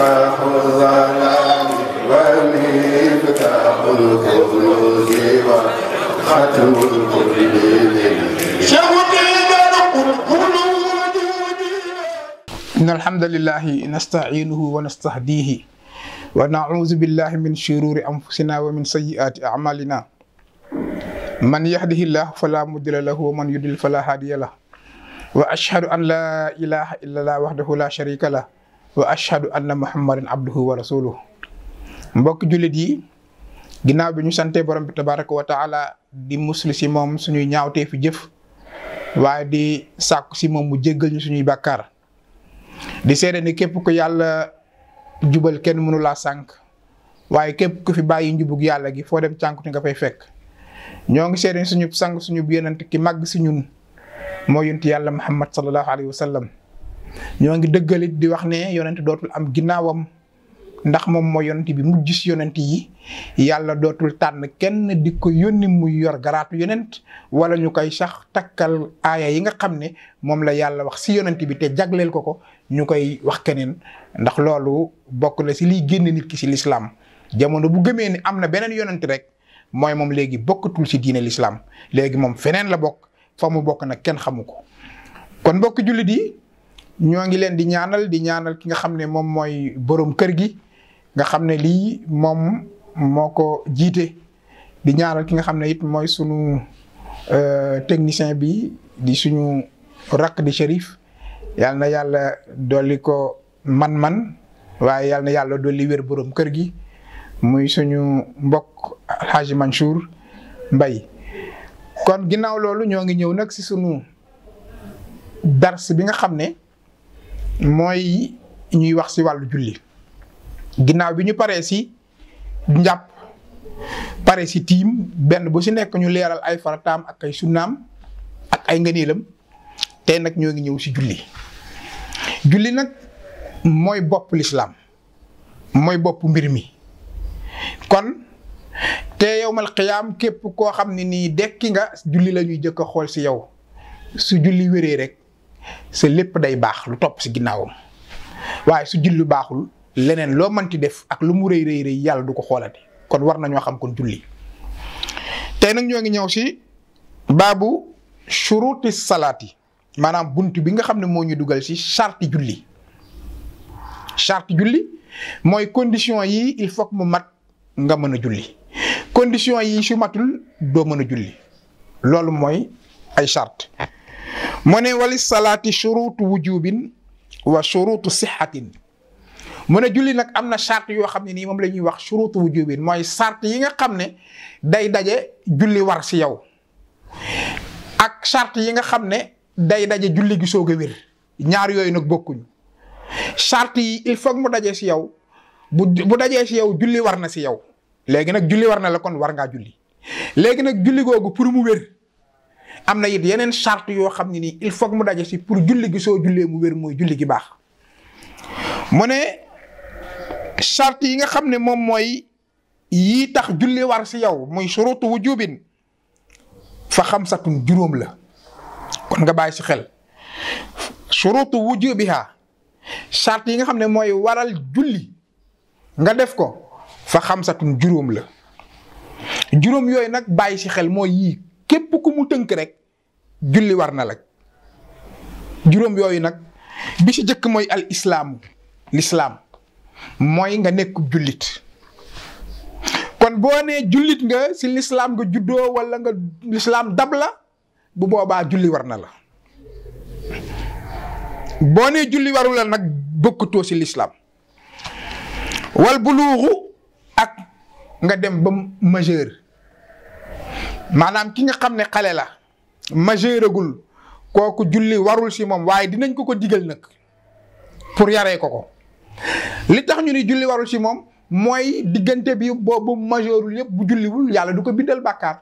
إن الحمد لله نستعينه ونستهديه ونعوذ بالله من شرور أنفسنا ومن سيئات أعمالنا من يهده الله فلا مضل له ومن يضلل فلا هادي له وأشهد أن لا إله إلا الله وحده لا شريك له wa ashhadu anna muhammadan abduhu wa rasuluhu mbok julit yi ginaaw bi ñu sante borom bi wa taala di musli si moom suñuy ñaawtee fi jëf waye di sakku ci mom mu jéggal ñu suñu bakkar di seede ni képp ko yalla jubal kenn mënu la wa waye képp ko fi foda njubug yalla gi fo dem cànkuti nga fay fekk ñoo ngi seede suñu sang suñu yonent ki mag ci ñun mo yonent yalla muhammad sallallahu alayhi wasallam. ñoo ngi dëggalit di wax ne yonent dootul am ginnaawam ndax moom mooy yonent bi mu gis yonent yi yàlla dootul tànn kenn di ko yónni muy yor garaatu yonent wala ñu koy sax takkal aaya yi nga xam ne moom la yàlla wax si yonent bi te jagleel ko ko ñu koy wax keneen ndax loolu bokk na si liy génn nit ki si lislaam jamono bu gëmee ni am na beneen yonent rek mooy moom léegi bokkatul si diine lislaam léegi moom feneen la bokk fa mu bokk nag kenn xamu ko ñoo ngi leen di ñaanal di ñaanal ki nga xam ne moom mooy borom kër gi nga xam ne lii moom moo ko jiite di ñaanal ki nga xam ne it mooy sunu euh, technicien bi di suñu rakk di Chérif yal na yàlla dolli ko man-man waaye yal na yàlla dolli wér borom kër gi muy suñu mbokk Alhaji Mansour mbay kon ginnaaw loolu ñoo ngi ñëw nag si sunu dars bi nga xam ne Moy ñuy wax ci walu julli ginaaw bi ñu paree si njàpp pare si tiim benn bu ci nek ñu leeral ay faratam ak ay sunnam ak ay té nak ñoo ngi ñew si julli julli nak moy bop l'islam moy bop mbir mi kon té yowmal qiyam képp ko xamni ni dekk nga julli la jëk xol ci yow su julli wéré rek sa lepp day bax lu top ci ginnaawam waye su julli baaxul leneen man ti def ak lu mu reey reey reey yalla du ko xoolati kon war nañu xam kon julli tay nak ñoo ngi ñëw si babu shuruti salati maanaam buntu bi nga xamne mo ñu dugal si charti julli charti julli moy condition yi il faut mu mat nga mëna julli condition yi su matul do mëna julli lolu moy ay charte mu ne wali salaati shuruutu wujubin wa shuruutu sixatin mu ne julli nag am na charte yoo xam ne nii moom lañuy ñuy wax shuruutu wujubin mooy sart yi nga xam ne day daje julli war si yow ak sart yi nga xam ne day daje julli gi soog a wér ñaar yooyu nag bokkuñ charte yi il foog mu daje si yow bu bu dajee si yow julli war na si yow léegi nag julli war na la kon war ngaa julli léegi nag julli googu pour mu wér. am na it yeneen charte yoo xam ne nii il faut mu daje si pour julli gi soo jullee mu wér mooy julli gi baax mu ne charte yi nga xam ne moom mooy yii tax julli war si yow muy surutu wujubin fa xamsatun juróom la kon nga bàyyi si xel surutu wujubiha charte yi nga xam ne mooy waral julli nga def ko fa xamsatun juróom la juróom yooyu nag bàyyi si xel mooy yii képp ku mu tënk rek julli war na la juróom yooyu nag bi ci jëkk mooy al islaam lislaam mooy nga nekk jullit kon boo nee jullit nga si lislaam nga juddoo wala nga lislaam dab la bu boobaa julli war na la boo ne julli waru la nag bokkutoo si lislaam wal buluuxu ak nga dem ba majeur maanaam ki nga xam ne xale la majeuragul kooku julli warul si moom waaye dinañ ko ko digal nag pour yaree ko ko li tax ñu ni julli warul si moom mooy diggante bi boobu majeurul yëpp bu julliwul yàlla du ko bindal bàkkaar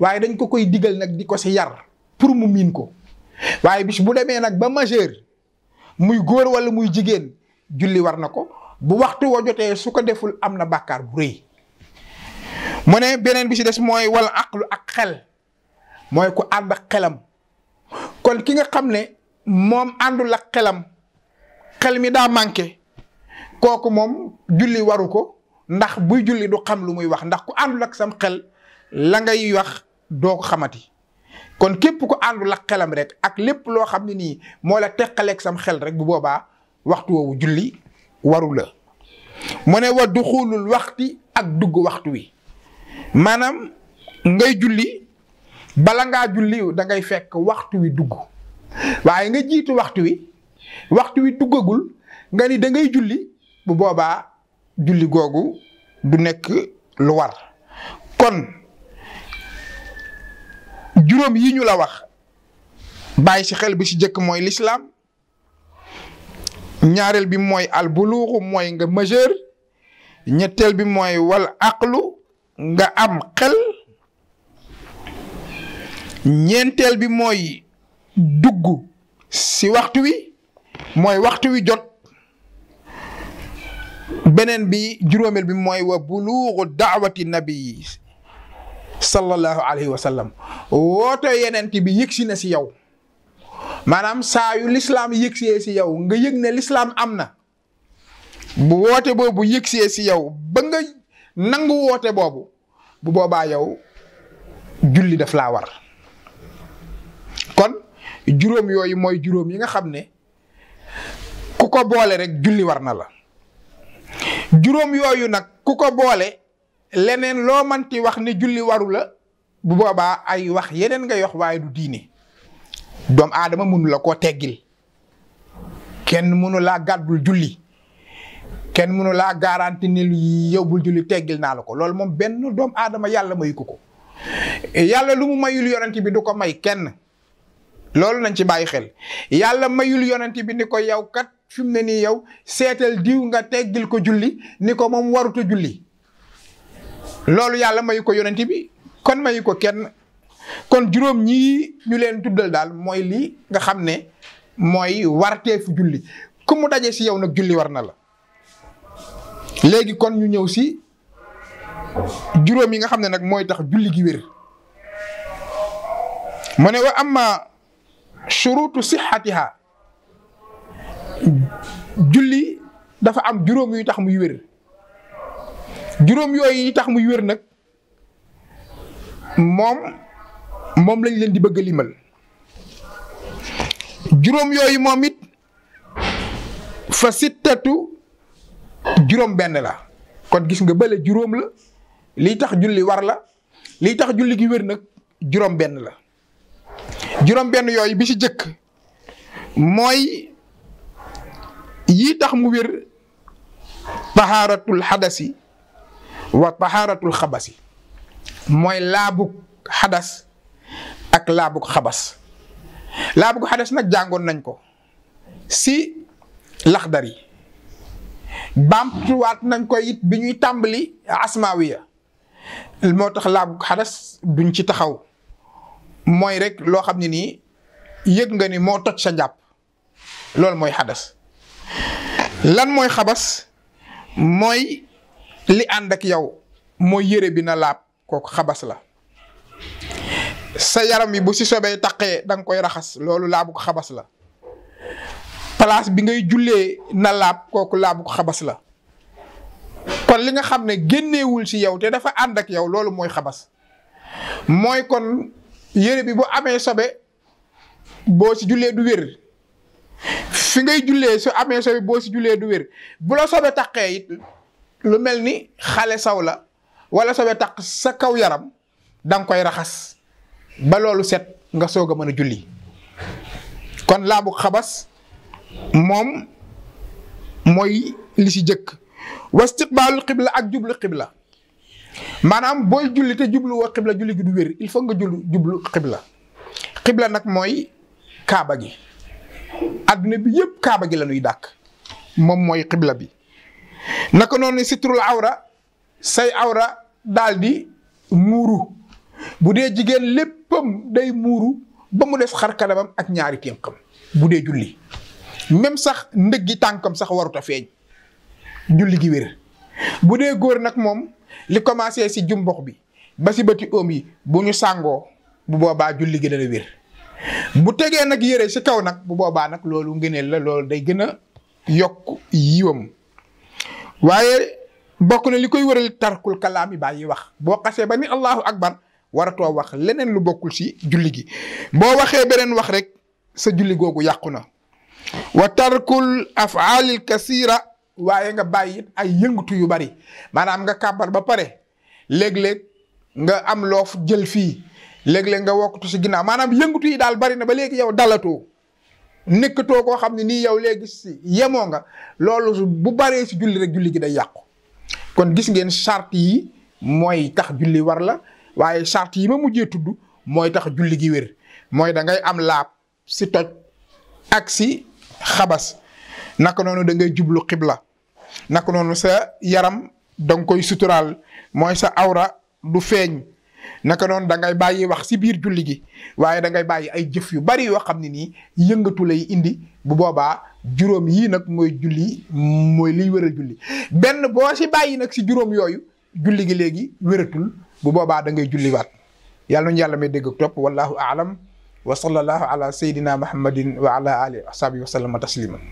waaye dañ ko koy digal nag di ko si yar pour mu miin ko waaye bis bu demee nag ba majeur muy góor wala muy jigéen julli war na ko bu waxtu wa jotee su ko deful am na bàkkaar bu rëy mu ne beneen bi ci des mooy wal aqlu ak xel mooy ku ànd xelam kon ki nga xam ne moom àndul ak xelam xel mi daa manqué kooku moom julli waru ko ndax buy julli du xam lu muy wax ndax ku àndul ak sam xel la ngay wax doo ko xamati kon képp ku àndul ak xelam rek ak lépp loo xam ne nii moo la teqaleek sam xel rek bu boobaa waxtu woowu julli waru la mu ne wa duxulul waxti ak duggu waxtu wi maanaam ngay julli bala ngaa julli dangay fekk waxtu wi dugg waaye nga jiitu waxtu wi waxtu wi duggagul nga ni da julli bu boobaa julli googu du nekk lu war kon juróom yi ñu la wax bàyyi si xel bi ci jëkk mooy lislaam ñaareel bi mooy albuluuxu mooy nga majeur ñetteel bi mooy wal aqlu nga am xel ñeenteel bi mooy dugg si waxtu wi mooy waxtu wi jot beneen bi juróomeel bi mooy wa buluugu daawati nabi sallallahu alayhi wa woote yeneen bi yëgsi na si yow maanaam saayu yu lislaam yëgsee ci yow nga yëg ne lislaam am na bu woote boobu yëgsee si yow ba nga nangu woote boobu bu boobaa yow julli daf la war kon juróom yooyu mooy juróom yi nga xam ne ku ko boole rek julli war na la juróom yooyu nag ku ko boole leneen loo manti wax ne julli waru la bu boobaa ay wax yeneen nga yox waaye du diine doom adama mënu la koo teggil kenn mënu laa gàddul julli kenn mënu laa garanti ni yow bul julli teggil naa la ko loolu moom benn doomu aadama yàlla mayu ko ko yàlla lu mu mayul yonent bi du ko may kenn loolu nañ ci bàyyi xel yàlla mayul yonent bi ni ko yow kat fi mu ne nii yow seetal diw nga teggil ko julli ni ko moom waruta julli loolu yàlla mayu ko yonent bi kon mayu ko kenn kon juróom ñii ñu leen tuddal daal mooy lii nga xam ne mooy warteefu julli ku mu daje si yow nag julli war na la léegi kon ñu ñëw si juróom nga xam ne nag mooy tax julli gi wér mu ne wa amma shurutu sixatiha julli dafa am juróom yu tax yooyu tax muy wér nag moom moom lañ leen di bëgg a limal juróom yooyu moom fa sittatu juróom benn la kon gis nga bële juróom la lii tax julli war la lii tax julli gi wér nag juróom benn la juróom benn yooyu bi ci jëkk mooy yii tax mu wér tahaaratul xadasi wa tahaaratul xabasi mooy laabug xadas ak laabug xabas laabug xadas nag jàngoon nañ ko si laxdar yi baamtuwaat nañ ko it bi ñuy tàmbali asmaawiya moo tax laabu xadas buñ ci taxaw mooy rek loo xam ne nii yëg nga ni moo toj sa njàpp loolu mooy xadas lan mooy xabas mooy li ànd ak yow mooy yëre bi na laab kook xabas la sa yaram bi bu si sobee taqee danga koy raxas loolu laabu xabas la place bi ngay jullee na lab koku lab ko xabas la kon li nga xam ne génneewul ci yow te dafa and ak yow lolu moy xabas moy kon yeri bi bu amé sobe bo ci jullee du wér fi ngay jullee su amé sobe bo ci jullee du wér bu la sobe taxé lu melni ni saw la wala sobe tax sa kaw yaram dang koy raxas ba lolu set nga soga a julli kon labu xabas moom mooy li si jëkk wastiqbaalul xibla ak jublu xibla maanaam booy julli te jublu woo xibla julli gi du wér il faut nga jublu jublu xibla xibla nag mooy kaaba gi adduna bi yépp kaaba gi la ñuy dàkk moom mooy xibla bi naka noonu sitrul awra say awra daal di muuru bu dee jigéen léppam day muuru ba mu des xar kanamam ak ñaari ténqam bu dee julli même sax ndëg gi tankam sax waruta feñ julli gi wër bu dee nak mom moom li commencé ci jumbox bi ba ci bëti oom yi bu ñu sàngoo bu boba julli gi dana wër bu tégué nak yéré ci kaw nak bu boba nak loolu ngëneel la loolu day gëna yok yiwam waaye bokku na likoy wëral tarkul kalaam yi wax bo xasse ba ni allahu akbar waratoo wax leneen lu bokul ci julli gi bo waxe benen wax rek sa julli gogu yakuna wa tarkul af'alil kasira waaye nga bayit ay yëngatu yu bari manam nga kabar ba pare leg leg nga am loof jël fi leg leg nga wokkatu ci ginaa manam yëngatu yi dal bari na ba léegi yow dalatoo nek to ko xamni ni yow léegi ci yemo nga lolu bu bare ci julli rek julli gi day yaq kon gis ngeen charte yi moy tax julli war la waye charte yi ma mujjé tuddu moy tax julli gi wër moy da ngay am laab ci toj aksi khabas nak nonu da ngay jublu qibla nak nonu sa yaram dang koy sutural moy sa awra du feñ nak non da ngay bayyi wax ci bir julli gi waye da ngay bayyi ay jëf yu bari yo xamni ni yëngatu lay indi bu boba jurom yi nak moy julli moy li wëral julli ben bo ci bayyi nak ci jurom yoyu julli gi legi wëratul bu boba da ngay wat yalla ñu yalla may dégg top wallahu a'lam. وصلى الله على سيدنا محمد وعلى آله وصحبه وسلم تسليما